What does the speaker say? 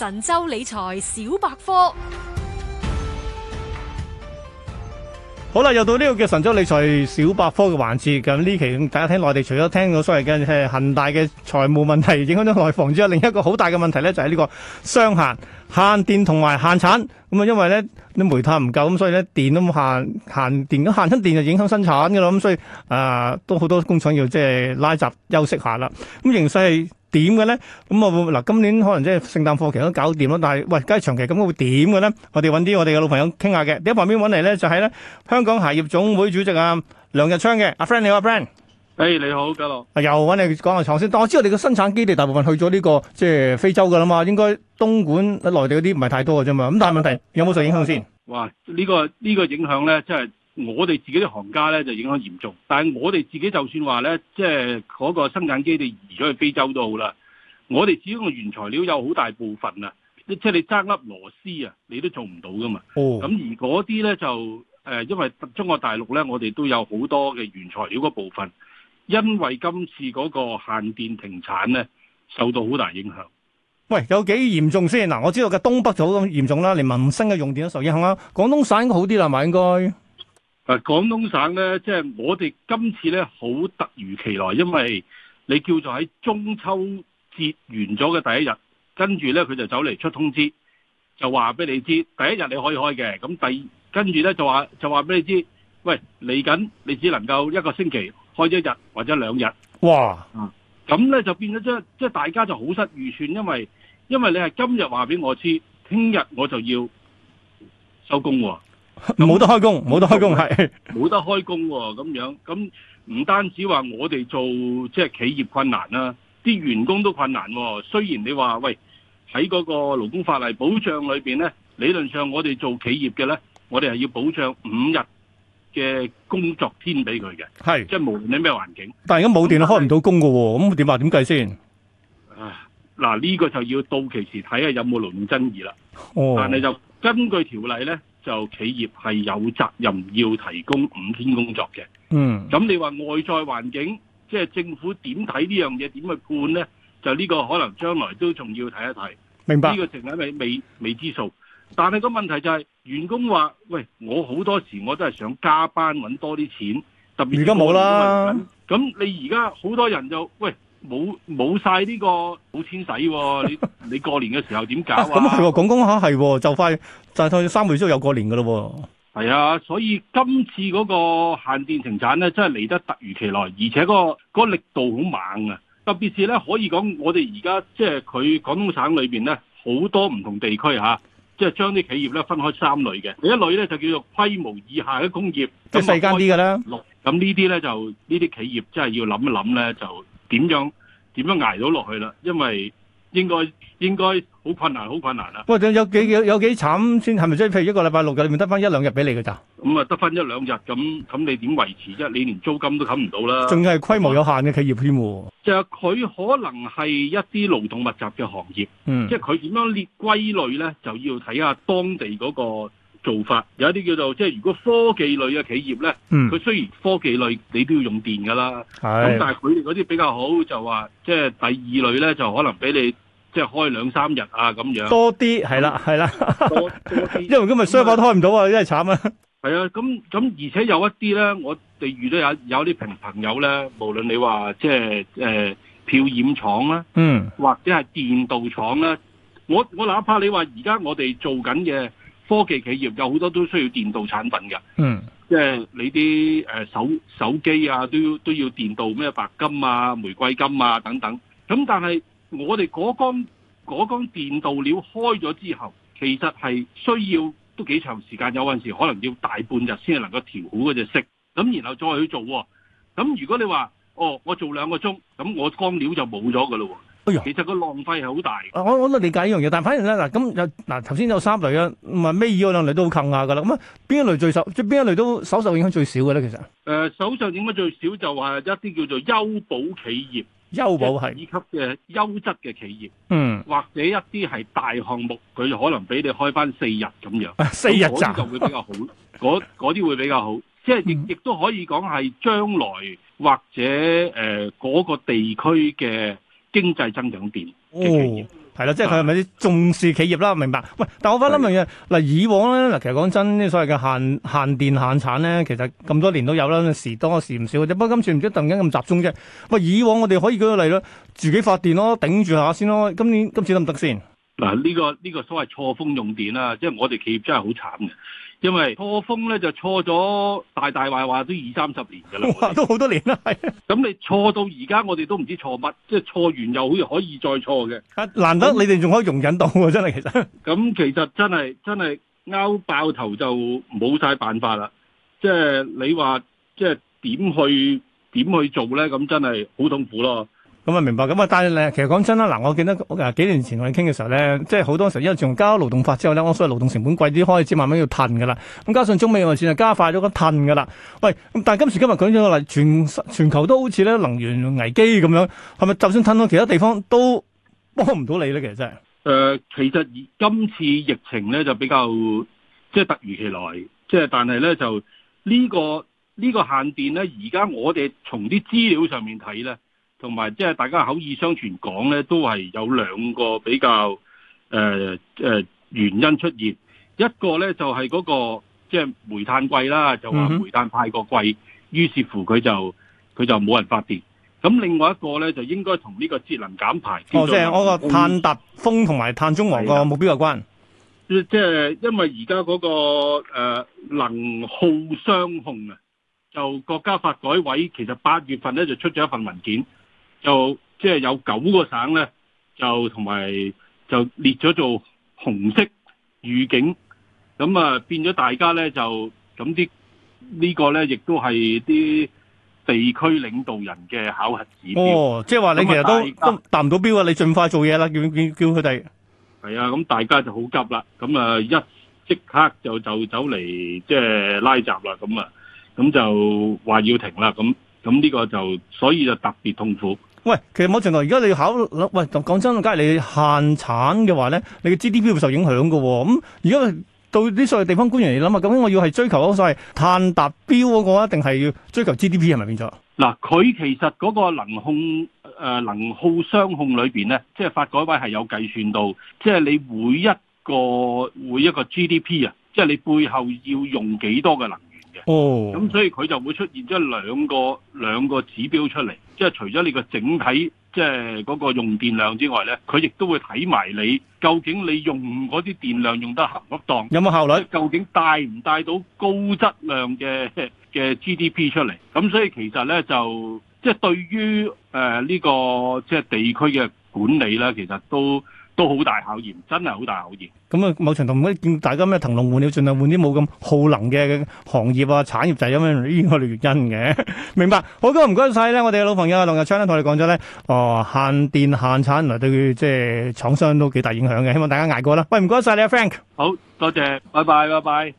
神州理財小百科，好啦，又到呢個叫神州理財小百科嘅環節。咁呢期大家聽內地，除咗聽到所謂嘅係恒大嘅財務問題影響咗內房之外，另一個好大嘅問題咧就係、是、呢個雙限限電同埋限產。咁啊，因為咧啲煤炭唔夠，咁所以咧電都限限電，都限出電就影響生產噶啦。咁所以啊、呃，都好多工廠要即係拉閘休息下啦。咁形勢係。點嘅咧？咁我嗱今年可能即係聖誕貨期都搞掂咯。但係喂，梗係長期咁會點嘅咧？我哋揾啲我哋嘅老朋友傾下嘅。第一旁邊揾嚟咧就係咧香港鞋業總會主席啊梁日昌嘅。阿 friend 你好，阿 friend。誒，你好，嘉樂。又揾你講下床先。但係我知道你嘅生產基地大部分去咗呢個即係非洲噶啦嘛。應該東莞喺內地嗰啲唔係太多嘅啫嘛。咁但係問題有冇受影響先？哇！呢個呢個影響咧，即係。我哋自己啲行家咧就影響嚴重，但係我哋自己就算話咧，即係嗰個生產基地移咗去非洲都好啦。我哋主要嘅原材料有好大部分啦，即係你爭粒螺絲啊，你都做唔到噶嘛。哦，咁而嗰啲咧就誒，因為中國大陸咧，我哋都有好多嘅原材料嗰部分，因為今次嗰個限電停產咧受到好大影響。喂，有幾嚴重先嗱？我知道嘅東北就好嚴重啦，連民生嘅用電都受影響啦。廣東省應該好啲啦，係咪應該？啊！廣東省呢，即係我哋今次呢，好突如其來，因為你叫做喺中秋節完咗嘅第一日，跟住呢，佢就走嚟出通知，就話俾你知，第一日你可以開嘅，咁第跟住呢，就話就話俾你知，喂嚟緊你只能夠一個星期開一日或者兩日。哇！咁呢，就變咗即即係大家就好失預算，因為因為你係今日話俾我知，聽日我就要收工喎。冇得開工，冇得開工係冇得開工喎、哦，咁樣咁唔單止話我哋做即係企業困難啦、啊，啲員工都困難、哦。雖然你話喂喺嗰個勞工法例保障裏邊咧，理論上我哋做企業嘅咧，我哋係要保障五日嘅工作天俾佢嘅，係即係無論你咩環境。但係而家冇電開唔到工㗎喎、哦，咁點話點計先？嗱，呢、啊這個就要到期時睇下有冇勞動爭議啦、哦。但係就根據條例咧。就企業係有責任要提供五天工作嘅，嗯，咁你話外在環境，即係政府點睇呢樣嘢，點去判呢？就呢個可能將來都仲要睇一睇，明白呢個成日係未未，未知數。但係個問題就係員工話：喂，我好多時我都係想加班揾多啲錢，特別而家冇啦。咁你而家好多人就喂。冇冇晒呢個冇錢使喎，你你過年嘅時候點搞啊？咁係喎，講講、啊、下係喎、就是，就快就再三個月之後又過年噶咯喎。係啊，所以今次嗰個限電停產咧，真係嚟得突如其來，而且嗰、嗰個嗰個力度好猛啊！特別是咧，可以講我哋而家即係佢廣東省裏面咧，好多唔同地區嚇、啊，即係將啲企業咧分開三類嘅。第一類咧就叫做規模以下嘅工業，即係細間啲嘅啦。六咁呢啲咧就呢啲企業真係要諗一諗咧就。點樣點樣挨到落去啦？因為應該應該好困難，好困難啦、啊、喂，有幾有幾有幾慘慘先係咪？即係譬如一個禮拜六日，咪得返一兩日俾你噶咋？咁啊，得返一兩日，咁咁你點維持啫？你連租金都冚唔到啦！仲係規模有限嘅企業添喎，就係、是、佢可能係一啲勞動密集嘅行業，嗯，即係佢點樣列歸類咧，就要睇下當地嗰、那個。做法有一啲叫做即係如果科技類嘅企業咧，佢、嗯、雖然科技類你都要用電噶啦，咁但係佢哋嗰啲比較好就話即係第二類咧就可能俾你即係開兩三日啊咁樣多啲係啦係啦，啦多多 因為今日雙方開唔到 啊，真係慘啊！係啊，咁咁而且有一啲咧，我哋遇到有有啲平朋友咧，無論你話即係誒漂染廠啦、啊嗯，或者係電鍍廠啦，我我哪怕你話而家我哋做緊嘅。科技企業有好多都需要電鍍產品嘅，嗯，即係你啲誒手手機啊，都要都要電鍍咩白金啊、玫瑰金啊等等。咁、嗯、但係我哋嗰缸缸電鍍料開咗之後，其實係需要都幾長時間，有陣時可能要大半日先係能夠調好嗰隻色。咁、嗯、然後再去做喎、哦。咁、嗯、如果你話哦，我做兩個鐘，咁、嗯、我光料就冇咗㗎啦喎。其實個浪費係好大、啊，我我都理解呢樣嘢，但係反而咧嗱咁，嗱頭先有三類啊，唔係咩二嗰兩類都好坑下噶啦，咁啊邊一類最受即係邊一類都受受影響最少嘅咧？其實誒，受受影響最少就係、是、一啲叫做優保企業，優保係二級嘅優質嘅企業，嗯，或者一啲係大項目，佢就可能俾你開翻四日咁樣、啊，四日就，就會比較好，嗰 啲會比較好，即係亦亦都可以講係將來或者誒嗰、呃那個地區嘅。經濟增長點哦，係啦、嗯，即係佢係咪啲重視企業啦？明白？喂，但我翻諗明嘅，嗱，以往咧，嗱，其實講真，啲所謂嘅限限電限產咧，其實咁多年都有啦，時多時唔少嘅啫。不過今次唔知突然間咁集中啫。喂，以往我哋可以舉個例咯，自己發電咯，頂住下先咯。今年今次得唔得先？嗱、嗯，呢、這個呢、這個所謂錯峰用電啦，即係我哋企業真係好慘嘅。因為錯峰咧就錯咗大大話話都二三十年噶啦，都好多年啦，係。咁你錯到而家，我哋都唔知錯乜，即係錯完又好可以再錯嘅。啊，難得你哋仲可以容忍到，啊，真係其實。咁其實真係真係拗爆頭就冇晒辦法啦。即係你話，即係點去點去做咧？咁真係好痛苦咯。咁啊明白，咁啊但係其實講真啦，嗱，我記得誒幾年前我哋傾嘅時候咧，即係好多時候因為仲交勞動法之後咧，我所以勞動成本貴啲，開始慢慢要褪噶啦。咁加上中美貿易就加快咗個褪噶啦。喂，咁但係今時今日講咗個全全球都好似咧能源危機咁樣，係咪就算褪到其他地方都幫唔到你咧？其實真係誒，其實今次疫情咧就比較即係、就是、突如其來，即係但係咧就呢、呢個呢、呢個限電咧，而家我哋從啲資料上面睇咧。同埋即係大家口耳相傳講咧，都係有兩個比較誒誒、呃呃、原因出現。一個咧就係、是、嗰、那個即係、就是、煤炭貴啦，就話煤炭太過貴，於是乎佢就佢就冇人發電。咁另外一個咧就應該同呢個節能減排哦，即係嗰個碳達峰同埋碳中和個目標有關。即係、就是、因為而家嗰個、呃、能耗雙控啊，就國家發改委其實八月份咧就出咗一份文件。就即係有九個省咧，就同埋就列咗做紅色預警，咁啊變咗大家咧就咁啲、這個、呢個咧，亦都係啲地區領導人嘅考核指標。哦，即係話你其實都都達唔到標盡啊！你盡快做嘢啦，叫叫叫佢哋。係啊，咁大家就好急啦。咁啊一即刻就就走嚟即係拉閘啦。咁啊咁就話要停啦。咁咁呢個就所以就特別痛苦。喂，其實某程度，而家你要考慮，喂，講真，梗係你限產嘅話咧，你嘅 GDP 會受影響嘅喎。咁而家到啲所謂地方官員嚟諗啊，咁我要係追求所謂碳達標嗰個，定係要追求 GDP 係咪變咗？嗱，佢其實嗰個能控誒、呃、能耗雙控裏邊咧，即係發改委係有計算到，即係你每一個每一個 GDP 啊，即係你背後要用幾多嘅能力。哦，咁所以佢就會出現咗兩個兩個指標出嚟，即係除咗你個整體即係嗰個用電量之外咧，佢亦都會睇埋你究竟你用嗰啲電量用得合唔合當，有冇效率，究竟帶唔帶到高質量嘅嘅 GDP 出嚟？咁所以其實咧就即係對於誒呢、呃這個即係地區嘅管理咧，其實都。都好大考驗，真係好大考驗。咁啊，某程度唔可以見大家咩騰籠換鳥，儘量換啲冇咁耗能嘅行業啊產業就咁樣，呢個原因嘅。明白。好嘅，唔該晒咧，我哋嘅老朋友啊、嗯，梁日昌咧同我哋講咗咧，哦限電限產啊，對佢即係廠商都幾大影響嘅。希望大家捱過啦。喂，唔該晒你啊，Frank。好多謝，拜拜，拜拜。